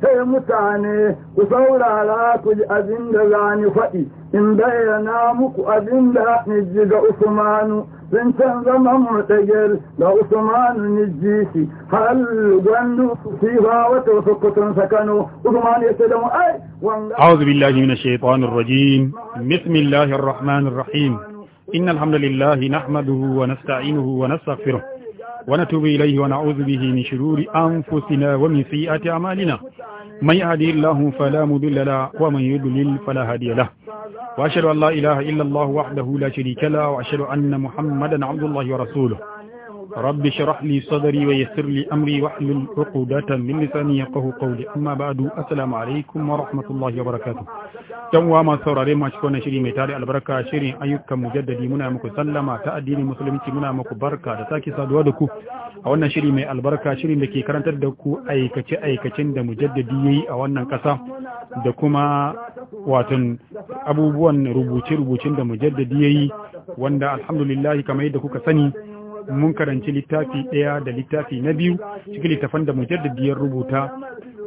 sai mutane ku saurara ku ji abin da za ni faɗi in bayyana muku abin da ji ga usmanu sun can zama murtagar da usmanu niji shi hal gwandu fi ba wata sukutun sakano usmanu ya sadamu ai wanga a'udhu billahi minash shaitanir rajim bismillahir rahmanir rahim innal hamdalillah nahmaduhu wa nasta'inuhu wa nastaghfiruh ونتوب إليه ونعوذ به من شرور أنفسنا ومن سيئات أعمالنا من يهدي الله فلا مضل له ومن يضلل فلا هادي له وأشهد أن لا إله إلا الله وحده لا شريك له وأشهد أن محمدا عبد الله ورسوله رب اشرح لي صدري ويسر لي أمري واحلل عقودة من لساني يفقهوا قولي أما بعد السلام عليكم ورحمة الله وبركاته yan uwa masu saurare masu wannan shiri mai tare albarka shirin ayyukan mujaddadi muna muku sallama ta addinin musulunci muna muku barka da sake saduwa da ku a wannan shiri mai albarka shirin da ke karantar da ku aikace aikacen da mujaddadi yayi a wannan kasa da kuma watan abubuwan rubuce rubucin da mujaddadi yayi wanda alhamdulillah kamar yadda kuka sani mun karanci littafi ɗaya da littafi na biyu cikin littafan da mujaddadi ya rubuta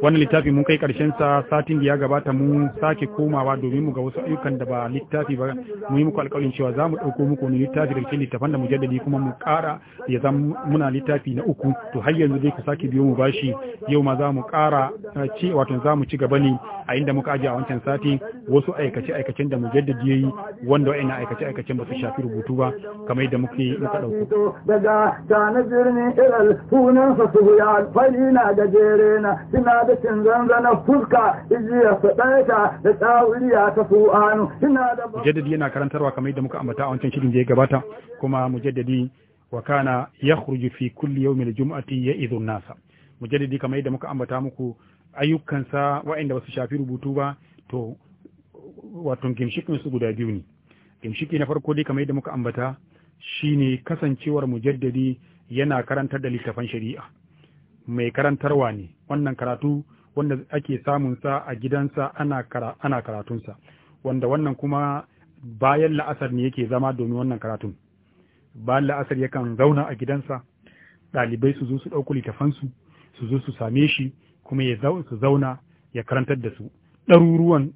wannan littafi mun kai karshen sa satin da ya gabata mun sake komawa domin mu ga wasu ayyukan da ba littafi ba mu yi muku alƙawarin cewa za mu ɗauko muku wani littafi da cikin littafan da mujaddadi kuma mu ƙara ya zama muna littafi na uku to har yanzu dai ku sake biyo mu bashi yau ma za mu ƙara eh, ci wato za mu ci gaba ne a inda muka aje a wancan sati wasu aikace aikacen da mujaddadi yayi wanda wa'ina aikace aikacen ba su shafi rubutu ba kamar yadda muke muka ɗauko. daga birni ilal hunan fasuhu ya alfani na gajere na da zanzana fuska ijiya su da tsawuriya ta fu'anu mujaddadi yana karantarwa kamar yadda muka ambata a wancan shirin da ya gabata kuma mujaddadi wa kana yakhruju fi kulli ya jum'ati ya'idhu nasa mujaddadi kamar yadda muka ambata muku ayyukansa waɗanda ba su shafi rubutu ba to wato gimshikin su guda biyu ne gimshiki na farko dai kamar yadda muka ambata shine kasancewar mujaddadi yana karantar da littafan shari'a mai karantarwa ne wannan karatu wanda ake samunsa a gidansa ana, karatunsa wanda wannan kuma bayan la'asar ne yake zama domin wannan karatun bayan la'asar yakan zauna a gidansa ɗalibai su zo su ɗauku littafansu su zo su same shi kuma ya su zauna ya karantar da su ɗaruruwan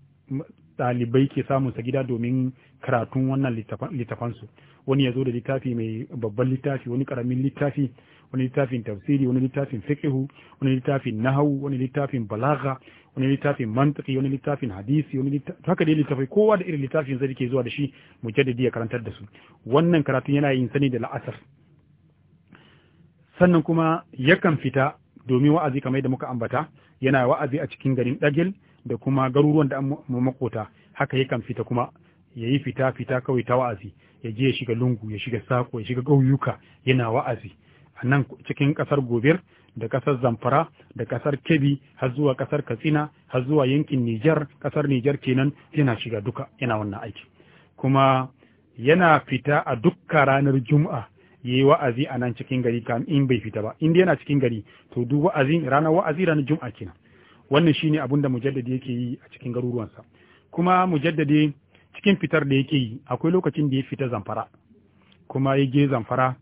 ɗalibai ke samun sa gida domin karatun wannan littafansu wani ya zo da littafi mai babban littafi wani karamin littafi wani littafin tafsiri wani littafin fiqhu wani littafin nahawu wani littafin balagha wani littafin mantiki wani littafin hadisi wani haka dai littafai kowa da irin littafin zai ke zuwa da shi mu jaddadi ya karantar da su wannan karatun yana yin sani da la'asar sannan kuma yakan fita domin wa'azi kamar yadda muka ambata yana wa'azi a cikin garin dagil da kuma garuruwan da an makota haka yakan fita kuma ya yi fita fita kawai ta wa'azi ya je ya shiga lungu ya shiga sako ya shiga ƙauyuka yana wa'azi a nan cikin ƙasar gobir da ƙasar zamfara da ƙasar kebi har zuwa ƙasar katsina har zuwa yankin nijar ƙasar nijar kenan yana shiga duka yana wannan aiki kuma yana fita a dukka ranar juma'a ya yi wa'azi a nan cikin gari kam in bai fita ba in yana cikin gari to duk wa'azi ranar wa'azi ranar juma'a kenan wannan shine abinda da mujaddadi yake yi a cikin garuruwansa kuma mujaddadi cikin fitar da yake yi akwai lokacin da ya fita zamfara kuma ya je zamfara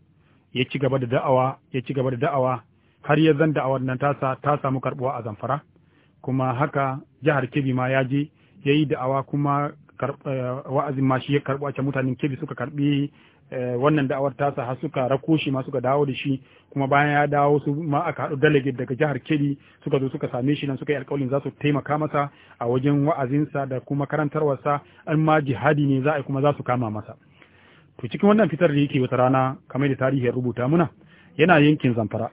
ya ci gaba da da'awa ya ci gaba da da'awa har ya zan da'awar nan tasa ta samu karbuwa a zamfara kuma haka jihar Kebbi ma ya je ya yi da'awa kuma eh, wa'azin ma shi ya karbu a mutanen Kebbi suka karbi Eh, wannan da'awar tasa har suka rako shi ma suka dawo da shi kuma bayan ya dawo su ma aka haɗu delegate daga jihar Kebbi suka zo suka same shi nan suka yi alƙawarin za su taimaka masa a wajen wa'azinsa da kuma karantarwarsa an ma jihadi ne za a kuma za su kama masa to cikin wannan fitar da yake wata rana kamar da tarihi ya rubuta muna yana yankin Zamfara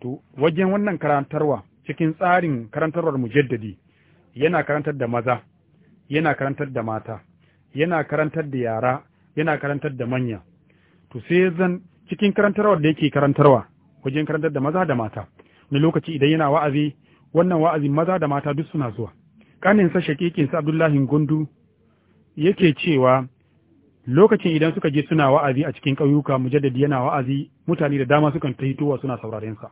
to wajen wannan karantarwa cikin tsarin karantarwar mujaddadi yana karantar da maza yana karantar da mata yana karantar da yara yana karantar da manya to sai zan cikin karantarwar da yake karantarwa wajen karantar da maza da mata ne lokaci idan yana wa'azi wannan wa'azi maza da mata duk suna zuwa shakikin shakikinsa abdullahi gundu yake cewa lokacin idan suka je suna wa'azi a cikin ƙauyuka mujaddadi yana wa'azi mutane da dama sukan ta suna sauraren sa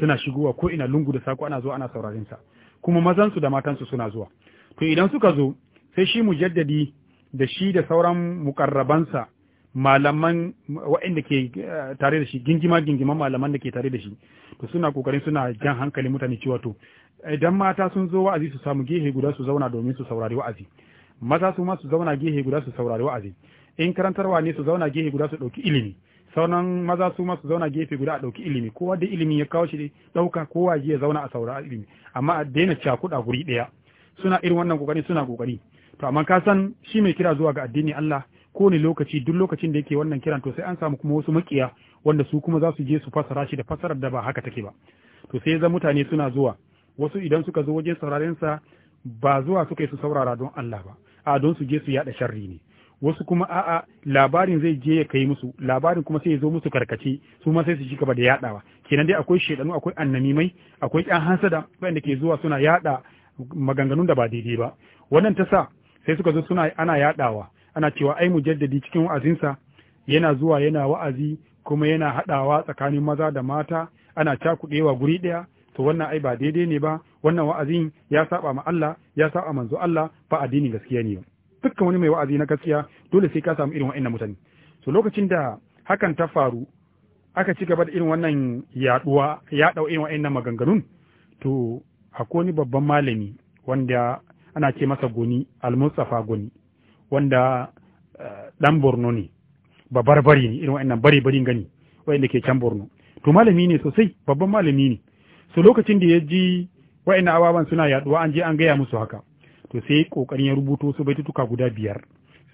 suna shigowa ko ina lungu da sako ana zuwa ana sauraren sa kuma mazan su da matan su suna zuwa to idan suka zo sai shi mujaddadi da shi da sauran mukarrabansa malaman waɗanda ke eh, tare da shi gingima gingima malaman da ke tare da shi to suna kokarin suna jan hankali mutane cewa to idan mata sun zo wa'azi su samu gehe guda su zauna domin su saurari wa'azi maza su ma su zauna gehe guda su saurari wa'azi in karantarwa ne su zauna gehe guda su ɗauki ilimi sauran maza su ma su zauna gefe guda a ɗauki ilimi kowa da ilimi ya kawo shi ɗauka kowa ya zauna a saurari ilimi amma a daina cakuɗa guri ɗaya suna irin wannan kokari suna kokari to amma ka san shi mai kira zuwa ga addini Allah ko kowane lokaci duk lokacin da yake wannan kiran to sai an samu kuma wasu makiya wanda su kuma za su je su fasara shi da fasarar da ba haka take ba to sai zan mutane suna zuwa wasu idan suka zo wajen sauraren sa ba zuwa suka yi su saurara don Allah ba a don su je su yada sharri ne wasu kuma a'a labarin zai je ya kai musu labarin kuma sai ya zo musu karkace su ma sai su ci gaba da yadawa kenan dai akwai shedanu akwai annamimai akwai 'yan hansada wanda ke zuwa suna yada maganganun da ba daidai ba wannan ta sa sai suka zo suna ana yaɗawa ana cewa ai mujaddadi cikin wa'azinsa yana zuwa yana wa'azi kuma yana haɗawa tsakanin maza da mata ana cakudewa guri ɗaya to wannan ai ba daidai ne ba wannan wa'azin ya saba ma Allah ya saba manzo Allah ba addini gaskiya ne dukkan wani mai wa'azi na gaskiya dole sai ka samu irin wa'annan mutane so lokacin da hakan ta faru aka ci gaba da irin wannan yaduwa ya dau irin wa'annan maganganun to akwai wani babban malami wanda ana ce masa goni almustafa goni wanda dan eh, borno ne ba barbari ne irin wa'annan bari bari gani wa'anda ke can borno to malami ne sosai babban malami ne so lokacin da ya ji wa'annan ababan suna yaduwa an je an gaya musu haka to sai kokarin ya rubuto su baitutuka guda biyar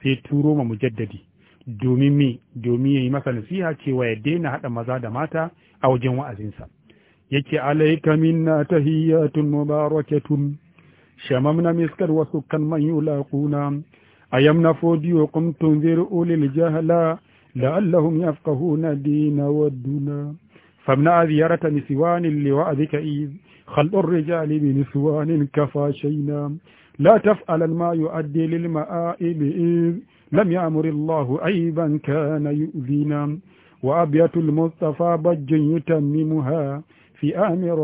sai turo ma mujaddadi domin me domin ya yi masa nasiha cewa ya daina haɗa maza da mata a wajen wa'azinsa yake alaika minna tahiyatun mubarakatun شممنا مسكر وسكا من يلاقونا أيمنا وقم تنذر أولي الجهلا لعلهم يفقهون دين ودنا فمنع زيارة نسوان لوعدك إذ خلق الرجال بنسوان كفى شينا لا تفعل ما يؤدي للمآئب إذ لم يأمر الله عيبا كان يؤذينا وأبيات المصطفى بج يتممها في آمر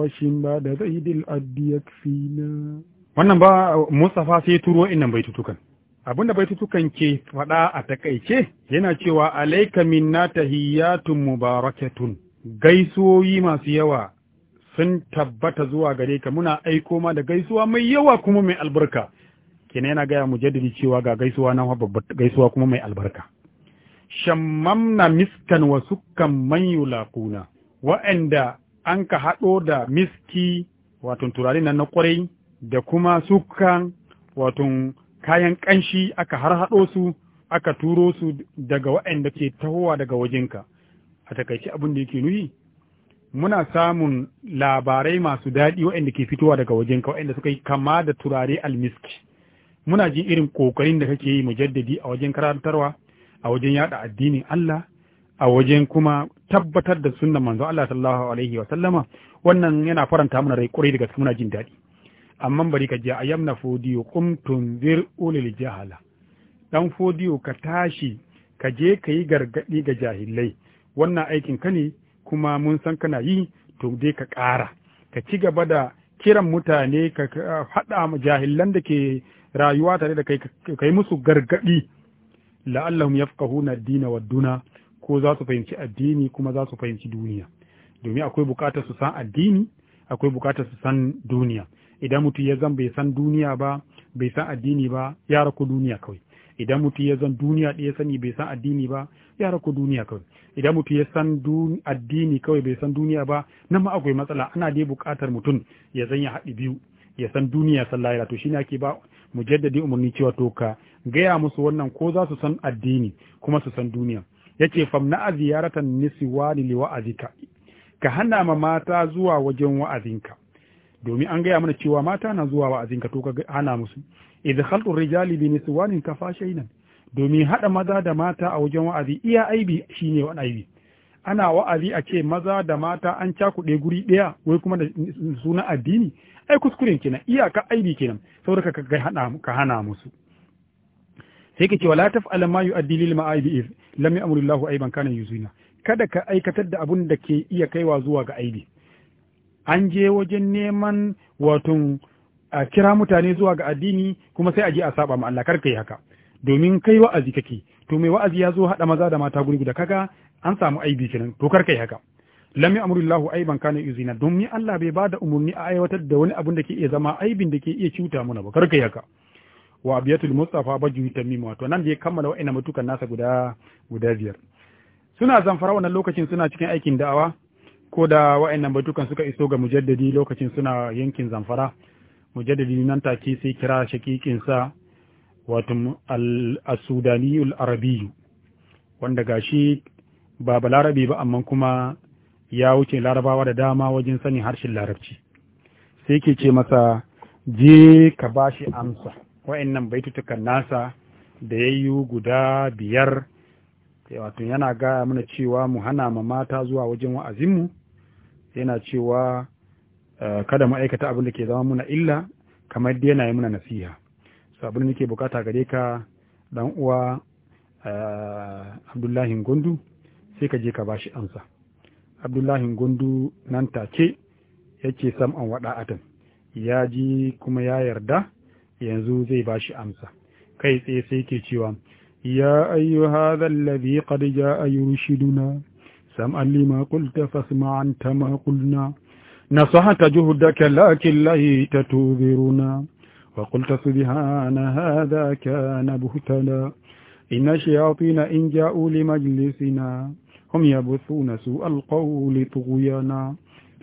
بعد زيد الأد يكفينا wannan ba Mustafa sai turo innan baitutukan abinda baitutukan ke faɗa a takaice yana cewa alaika minna tahiyyatun mubarakatun gaisuwoyi masu yawa sun tabbata zuwa gare ka muna aiko ma da gaisuwa mai yawa kuma mai albarka kenan yana gaya mu jaddadi cewa ga gaisuwa na gaisuwa kuma mai albarka shammamna miskan wa sukkan man yulaquna wa'anda an ka haɗo da miski wato turare nan na kwarai. da kuma sukan wato kayan ƙanshi aka harhaɗo su aka turo su daga waɗanda ke tahowa daga wajenka a takaice abin da yake nuyi muna samun labarai masu daɗi waɗanda ke fitowa daga wajenka waɗanda suka yi kama da turare almiski muna jin irin ƙoƙarin da kake yi jaddadi a wajen karantarwa a wajen yaɗa addinin Allah a wajen kuma tabbatar da sunan manzo Allah sallallahu alaihi wa sallama wannan yana faranta mana rai da daga muna jin daɗi amma bari ka je a yamna fodiyo kum tunzir ulil jahala dan fodiyo ka tashi ka je ka yi gargadi ga jahilai wannan aikin ka ne kuma mun san kana yi to dai ka ƙara ka ci gaba da kiran mutane ka haɗa jahilan da ke rayuwa tare da kai ka yi musu gargaɗi la'allahum yafqahuna ad-dina wad-duna ko za su fahimci addini kuma za su fahimci duniya domin akwai bukatar su san addini akwai bukatar su san duniya idan mutum ya zan bai san duniya ba bai san addini ba ya raku duniya kawai idan mutum ya zan duniya ɗaya sani bai san addini ba ya raku duniya kawai idan mutum ya san addini kawai bai san duniya ba nan ma akwai matsala ana dai buƙatar mutum ya zan ya haɗi biyu ya san duniya san lahira to shine ake ba mu mujaddadi umarni cewa to ka gaya musu wannan ko za su san addini kuma su san duniya yace famna ziyaratan niswani liwa'azika ka hana ma mata zuwa wajen wa'azinka domin an gaya mana cewa mata na zuwa wa'azin ka to ka hana musu idh khaltu rijali bi niswanin kafa nan, domin hada maza da mata a wajen wa'azi iya aibi shine wani aibi ana wa'azi a ce maza da mata an ca cakuɗe guri ɗaya wai kuma da suna addini ai kuskuren kenan iyaka aibi kenan saboda ka ga ka hana musu sai ka ce wala taf'al ma yu'addi lil ma'aibi lam ya'muru Allahu aiban kana yuzina kada ka aikatar da abun da ke iya kaiwa zuwa ga aibi an je wajen neman wato a kira mutane zuwa ga addini kuma sai a je a saba ma Allah kar kai haka domin kai wa'azi kake to mai wa'azi ya zo haɗa maza da mata guri guda kaga an samu aibi kenan to kar kai haka lam ya'murullahu aiban kana yuzina domin Allah bai bada umurni a aiwatar da wani abun da ke iya zama aibin da ke iya cuta mana ba kar yi haka wa abiyatul mustafa baju tamim wato nan da ya kammala wa'ina matukan nasa guda guda biyar suna zamfara wannan lokacin suna cikin aikin da'awa ko da wa'annan batukan suka iso ga mujaddadi lokacin suna yankin zamfara mujaddadi nan take sai kira shakikinsa wato al al arabiyu wanda gashi ba balarabi ba amma kuma ya wuce larabawa da dama wajen sani harshen larabci sai ke ce masa je ka bashi amsa wa'annan baitutukan nasa da yayyu guda biyar wato yana gaya mana cewa mu hana ma mata zuwa wajen wa'azinmu yana cewa eh, kada ma'aikata abin da ke zama muna illa kamar da yana yi muna nasiha so abin da nake bukata gare ka dan uwa eh, abdullahi gundu sai ka je ka ba shi amsa abdullahi gundu nan take yake sam an wada atan ya ji kuma ya yarda yanzu zai bashi amsa kai tsaye sai ke cewa ya ayyuha zallabi qad jaa yurshiduna سمعا لما قلت فاسمع أنت ما قلنا نصحت جهدك لكن ليت تنذرنا وقلت سبحان هذا كان بهتنا إن الشياطين إن جاءوا لمجلسنا هم يبثون سوء القول طغيانا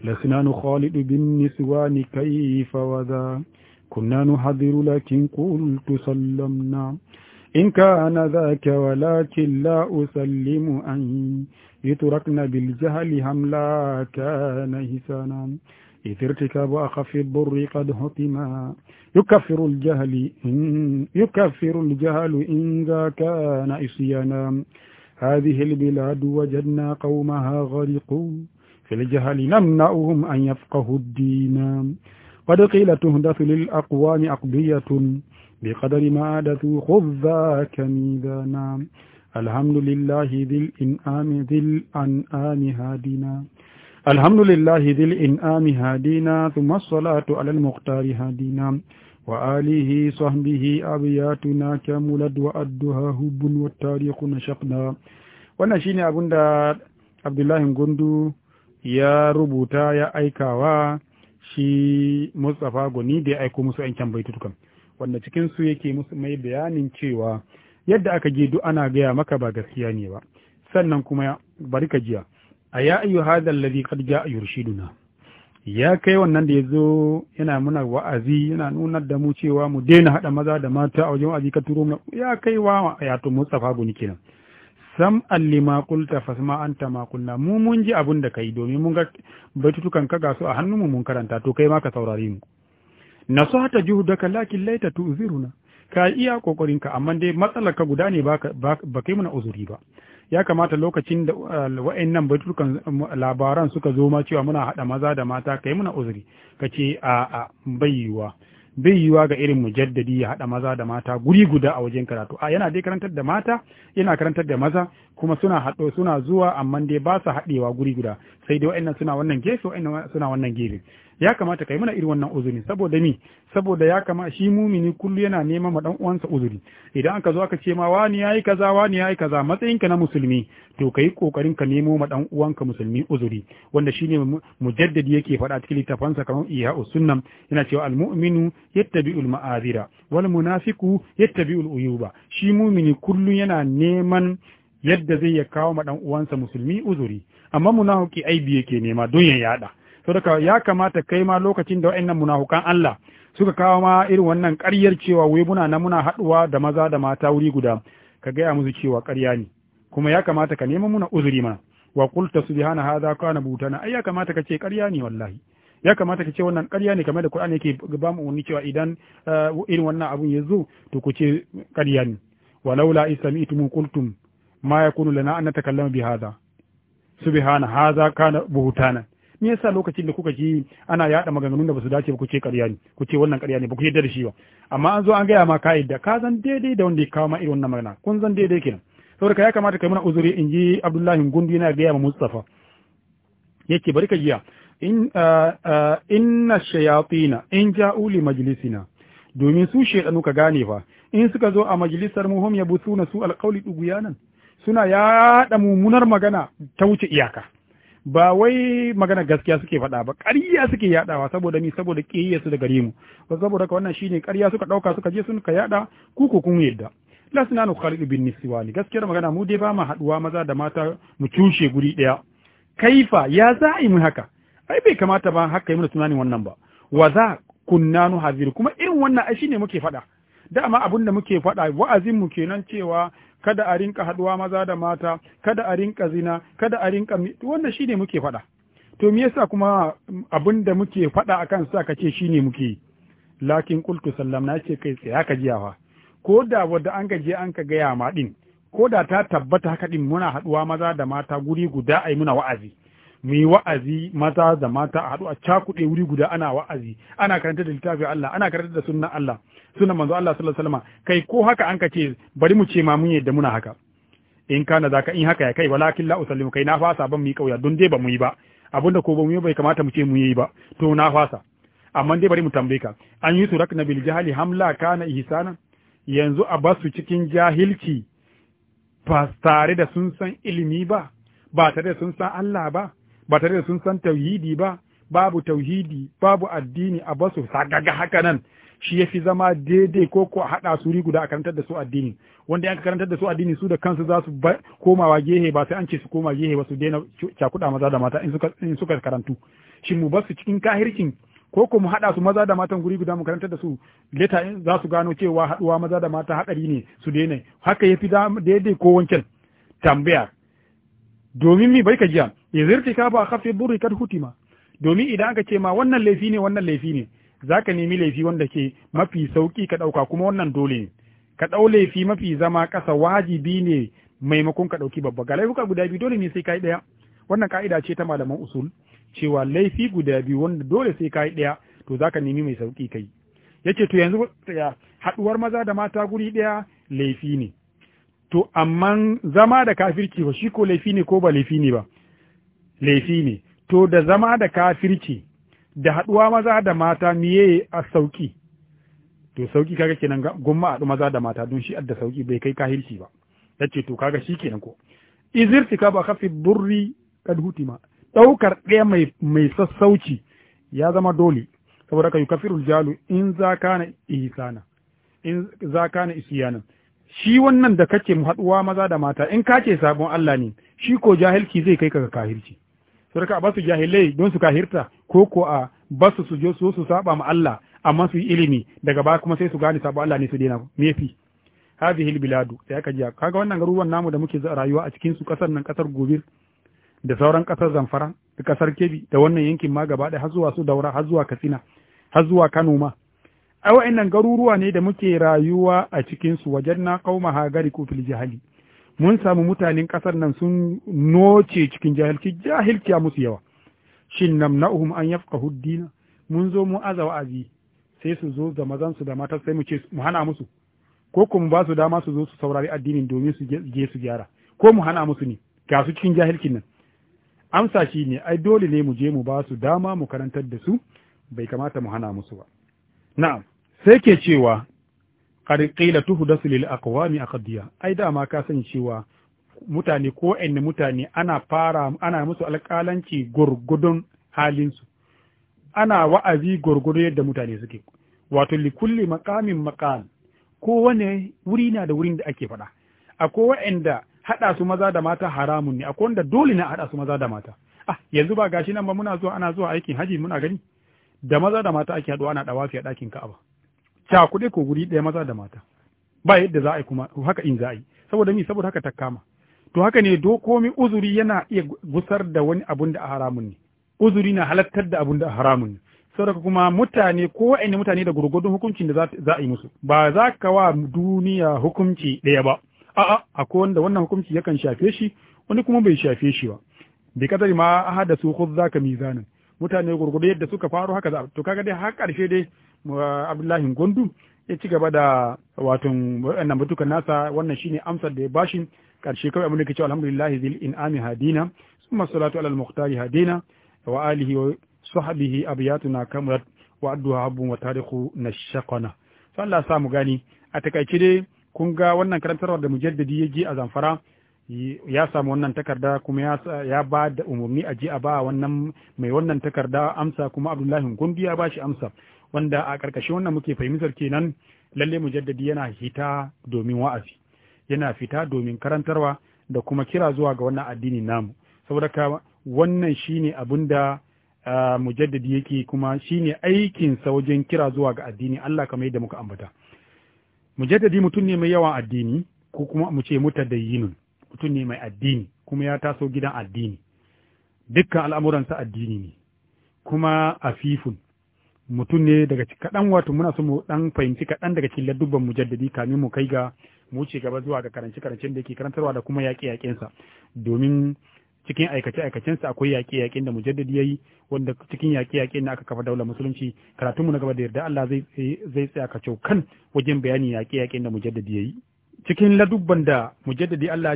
لسنا نخالد بالنسوان كيف وذا كنا نحذر لكن قلت سلمنا إن كان ذاك ولكن لا أسلم أن يتركن بالجهل هم لا كان هسانا إذ ارتكاب أخف الضر قد هطما يكفر الجهل إن يكفر الجهل إن ذا كان إصيانا هذه البلاد وجدنا قومها غرقوا في الجهل نمنعهم أن يفقهوا الدين قد قيل تهدث للأقوام أقضية بقدر ما عادته خذ ذاك ميزانا الحمد لله ذي الإنعام ذي الأنعام هادينا الحمد لله ذي الإنعام هادينا ثم الصلاة على المختار هادينا وآله صحبه أبياتنا كملت وأدها هب والتاريخ نشقنا wannan shine عبد الله Abdullahi يا ربوتا يا ya شي مصطفى غني دي da ya aiko كان 'yan wanda cikin su yake musu mai bayanin cewa yadda aka je duk ana gaya maka ba gaskiya ne ba sannan kuma bari ka jiya a ya ayu hadha alladhi qad jaa yurshiduna ya kai wannan da yazo yana muna wa'azi yana nunar da mu cewa mu daina hada maza da mata a wajen wa'azi ka turo mu ya kai wa ya to Mustafa guni kenan sam allima qulta fasma anta ma kunna mu mun ji abun da kai domin mun ga baitutukan ka ga su a hannun mu mun karanta to kai ma ka saurare mu nasahata juhudaka lakin laita tu'ziruna ka iya ka amma dai matsalar ka guda ne ba kai mana uzuri ba ya kamata lokacin da eh, wa'annan batutukan labaran suka zo ma cewa muna hada maza da mata kai mana uzuri ka ce a a bai yiwuwa. bai yiwuwa ga irin mujaddadi ya hada maza da mata guri guda a wajen karatu a yana dai karantar da mata yana karantar da maza kuma suna haɗo suna zuwa amma dai ba su haɗewa guri guda sai dai wa'annan suna wannan gefe wa'annan suna wannan gefe ya kamata kai mana irin wannan uzuri saboda ni saboda ya kama shi mumini kullu yana neman ma dan uwansa uzuri idan aka zo aka ce ma wani yayi kaza wani yayi kaza matsayinka na musulmi to kai kokarin ka nemo ma dan uwanka musulmi uzuri wanda shine mujaddadi yake faɗa cikin sa kamar iya sunnam yana cewa almu'minu yattabi'ul ma'azira wal munafiqu yattabi'ul uyuba shi mumini kullu yana neman yadda zai ya kawo ma dan uwansa musulmi uzuri amma munafiki aibi yake nema don ya yada to ya kamata kai ma lokacin da wa'annan munafukan Allah suka kawo ma irin wannan ƙaryar cewa wai muna na muna haɗuwa da maza da mata wuri guda ka gaya musu cewa ƙarya ne kuma ya kamata ka nema muna uzuri ma wa qulta subhana hadha kana butana ai ya kamata ka ce ƙarya ne wallahi ya kamata ka ce wannan ƙarya ne kamar da Qur'ani yake ba mu wani cewa idan eh, irin wannan abun ya zo to ku ce ƙarya ne walaula isami'tum qultum ma yakunu lana an natakallama bi hadha subhana hadha kana buhtana me yasa lokacin da kuka ji ana yada maganganun da basu dace ba ku ce ƙarya ne ku ce wannan ƙarya ne ba ku yarda da shi ba amma an zo an gaya ma ka da, ka zan daidai da wanda ya kawo ma irin wannan magana kun zan daidai kenan saboda ka ya kamata kai mana uzuri in ji Abdullahi Gundu yana gaya ma Mustafa yake bari ka jiya in uh, uh, inna shayatina in ja'u li majlisina domin su shaidanu ka gane fa in suka zo a majalisar mu hum yabusuna su ɗuguya nan, suna yaɗa mummunar magana ta wuce iyaka ba wai magana gaskiya suke faɗa ba ƙarya suke yaɗawa saboda mi saboda ƙiyayya su da gare mu saboda ka wannan shine ƙarya suka ɗauka suka je sun ka yaɗa ku ko kun yadda lasna nu khalidu bin niswani gaskiyar magana mu dai ba mu haɗuwa maza da mata mu cushe guri ɗaya kaifa ya za yi mu haka ai bai kamata ba haka yi mana tunanin wannan ba wa za kunna nu hazir kuma irin wannan ai shine muke faɗa dama abin da muke faɗa wa'azin mu kenan cewa kada a rinka haduwa maza da mata kada a rinka zina kada a rinka Wanda shi ne muke faɗa to me yasa kuma abin da muke faɗa akan sa shi ne muke lakin qultu sallam na ce kai tsaya ka jiyawa ko da wadda an gaje an ka gaya ma ɗin ko da ta tabbata haka ɗin muna haɗuwa maza da mata guri guda a yi muna wa'azi mu yi wa'azi mata da mata a haɗu a cakuɗe wuri guda ana wa'azi ana karanta da littafin Allah ana karanta da sunnan Allah Sunan manzo Allah sallallahu alaihi wasallam kai ko haka an ka ce bari mu ce ma mun yadda muna haka in kana zaka in haka ya kai walakin la usallimu kai na fasa ban mu yi kauya don dai ba mu yi ba abinda ko ba mu yi bai kamata mu ce mu yi ba to na fasa amma dai bari mu tambaye ka an yi surak na bil jahali hamla kana ihsana yanzu a basu cikin jahilci ba tare da sun san ilimi ba ba tare da sun san Allah ba ba tare da sun san tauhidi ba babu tauhidi babu addini a basu sagaga haka nan shi ya fi zama daidai ko ko haɗa su guda a karantar da su addini wanda yanka karantar da su addini su da kansu za su komawa gehe ba sai an ce su koma gehe ba su daina cakuɗa maza da mata in suka karantu shi mu basu cikin kahircin ko ko mu haɗa su maza da matan guri guda mu karantar da su leta za su gano cewa haɗuwa maza da mata haɗari ne su daina haka ya fi daidai ko wancan tambaya domin mi bai ka jiya ya zirti kafa a kafin buri kar hutima domin idan aka ce ma wannan laifi ne wannan laifi ne za ka nemi laifi wanda ke mafi sauki ka ɗauka kuma wannan dole ne ka ɗau laifi mafi zama ƙasa wajibi ne maimakon ka ɗauki babba ga laifuka guda biyu dole ne sai ka yi ɗaya wannan ka'ida ce ta malaman usul cewa laifi guda biyu wanda dole sai ka yi ɗaya to za ka nemi mai sauki kai yake to yanzu haɗuwar maza da mata guri ɗaya laifi ne to amma zama da kafirci ba shi ko laifi ne ko ba laifi ne ba laifi ne to da zama da kafirci da haɗuwa maza da mata miye a sauki to sauki kaga kenan gumma haɗu maza da mata don shi adda sauki bai kai kahirci ba ce to kaga shi kenan ko Izir ka ba kafi burri kad ma ɗaukar ɗaya mai mai sassauci ya zama dole saboda ka yi yukafirul jalu in za na ihsana in za na isiyana. shi wannan da kake mu haɗuwa maza da mata in kace sabon Allah ne shi ko jahilci zai kai ka kahirci rika ba su jahilai don su kahirta ko ko a ba su su je su su saba ma Allah amma su yi ilimi daga baya kuma sai su gane sabo Allah ne su daina me fi hadhihi biladu sai aka ji kaga wannan garuruwan namu da muke rayuwa a cikin su kasar nan kasar Gobir da sauran kasar Zamfara da kasar kebi da wannan yankin ma gaba har zuwa su Daura har zuwa Katsina har zuwa Kano ma ai wa'annan garuruwa ne da muke rayuwa a cikin su na qauma hagari ko fil jahali mun samu mutanen ƙasar nan sun noce cikin jahilci jahilci ya musu yawa shin namna'uhum an yafka huddina? mun zo mu aza wa'azi sai su zo da mazan su da mata sai mu ce mu hana musu ko kuma ba su dama su zo su saurari addinin domin su je su gyara ko mu hana musu ne ga su cikin jahilcin nan amsa shi ne ai dole ne mu je mu ba su dama mu karantar da su bai kamata mu hana musu ba na'am sai ke cewa qad qila tuhdasu lil aqwami aqdiya ai da ma ka san cewa mutane ko ɗan mutane ana fara ana musu alƙalanci gurgudun halinsu ana wa'azi gurgudun yadda mutane suke wato li kulli maqamin maqam ko wani wuri na da wurin da ake faɗa akwai wa'anda haɗa su maza da mata haramun ne akwai wanda dole na haɗa su maza da mata ah yanzu ba gashi nan ba muna zuwa ana zuwa aikin haji muna gani da maza da mata ake haɗuwa ana ɗawafi a ɗakin ka'aba cakuɗe ko guri ɗaya maza da mata ba yadda za a yi kuma haka in za a yi saboda mi saboda haka ta kama to haka ne do komi uzuri yana iya gusar da wani abun da a haramun ne uzuri na halattar da abun da a haramun ne saboda kuma mutane ko wa'anne mutane da gurgurdun hukuncin da za a yi musu ba za ka wa duniya hukunci ɗaya ba a'a akwai wanda wannan hukunci yakan shafe shi wani kuma bai shafe shi ba bi kadari ma ahada su khudh zaka mizanin mutane gurgurdu yadda suka faru haka za to kaga dai har karshe dai abdullahi gondu ya ci gaba da watan wannan batukan nasa wannan shine amsar da ya bashi karshe kawai abin da ke cewa alhamdulillah zil in'ami hadina summa salatu ala al muqtari hadina wa alihi wa sahbihi abiyatuna kamurat wa adduha habbun wa tarihu nashaqana sai Allah sa mu gani a takaice dai kun ga wannan karantarwa da mujaddadi ya ji a zamfara ya samu wannan takarda kuma ya ba da umarni a ji a ba wannan mai wannan takarda amsa kuma abdullahi gundu ya bashi amsa wanda a ƙarƙashin wannan muke fahimtar kenan lalle mujaddadi yana hita domin wa'azi yana fita domin karantarwa da kuma kira zuwa ga wannan addini namu saboda ka wannan shine abin da mujaddadi yake kuma shine sa wajen kira zuwa ga addini Allah kamar yadda muka ambata mujaddadi mutum ne mai yawan addini ko kuma mu ce mutadayyinun mutum ne mai addini kuma ya taso gidan addini dukkan al'amuransa addini ne kuma afifun mutum ne daga kaɗan wato muna so mu ɗan fahimci kaɗan daga cikin ladubban mujaddadi kamin mu kai ga mu ci gaba zuwa ga karance karancen da ke karantarwa da kuma yaƙe sa domin cikin aikace aikacen sa akwai yaƙe yaƙen da mujaddadi ya yi wanda cikin yaƙe yaƙen na aka kafa daular musulunci mu na gaba da yarda Allah zai zai tsaya ka kan wajen bayani yaƙe yaƙen da mujaddadi ya yi cikin ladubban da mujaddadi Allah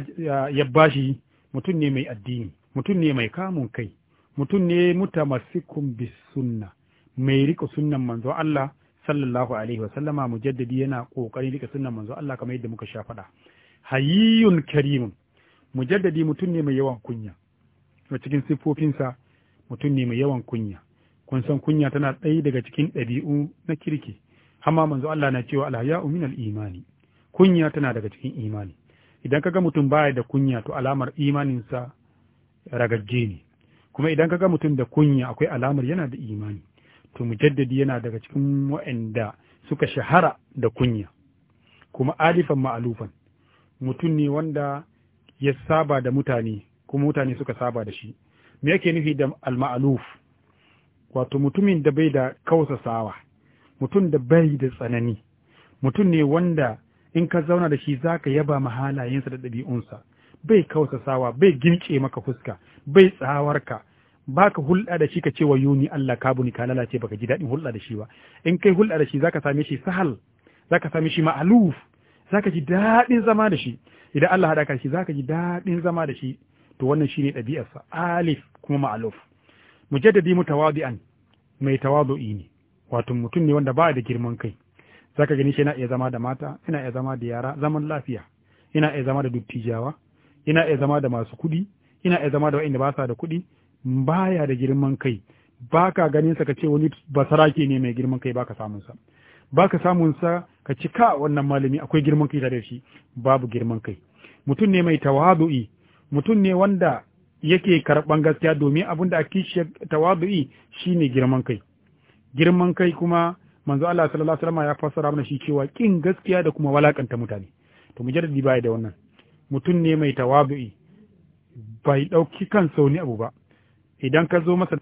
ya bashi mutum ne mai addini mutum ne mai kamun kai mutum ne mutamassikun bis sunna mai rika sunnan manzo Allah sallallahu alaihi wa sallama mujaddadi yana kokarin rika sunnan manzo Allah kamar yadda muka sha faɗa hayyun karimun mujaddadi mutum ne mai yawan kunya a cikin siffofinsa mutum ne mai yawan kunya kun san kunya tana ɗaya daga cikin ɗabi'u na kirki amma manzo Allah na cewa alhaya'u minal imani kunya tana daga cikin imani idan kaga mutum baya da kunya to alamar imaninsa ragagge ne kuma idan kaga mutum da kunya akwai alamar yana da imani to mujaddadi yana daga cikin wa'anda suka shahara da kunya kuma alifan ma'alufan mutum ne wanda ya saba da mutane kuma mutane suka saba da shi me yake nufi da al-ma'aluf wato mutumin da bai da kausasawa mutum da bai da tsanani mutum ne wanda in ka zauna da shi zaka yaba mahalayensa da ɗabi'unsa bai kausasawa bai girke maka fuska bai tsawarka baka hulɗa da shi ka ce wa yuni Allah ka buni ka lalace baka ji daɗin hulɗa da shi ba in kai hulɗa da shi zaka same shi sahal zaka same shi ma'aluf zaka ji daɗin zama da shi idan Allah haɗa ka shi zaka ji daɗin zama da shi to wannan shine sa, alif kuma ma'aluf mujaddadi mutawadi'an mai tawadu'i ne wato mutum ne wanda ba da girman kai zaka gani shi yana iya zama da mata yana iya zama da yara zaman lafiya yana iya zama da duttijawa yana iya zama da masu kuɗi yana iya zama da waɗanda ba sa da kuɗi baya da girman kai ba ka ganin sa ce wani basarake ne mai girman kai baka samun sa baka samun sa ka cika wannan malami akwai girman kai tare da shi babu girman kai mutum ne mai tawadu'i mutum ne wanda yake karban gaskiya domin abin da ake tawadu'i shine girman kai girman kai kuma manzo Allah sallallahu alaihi wasallam ya fassara mana shi cewa kin gaskiya da kuma walakanta mutane to jaddadi bai da wannan mutum ne mai tawadu'i bai dauki kansa wani abu ba idan ka zo masa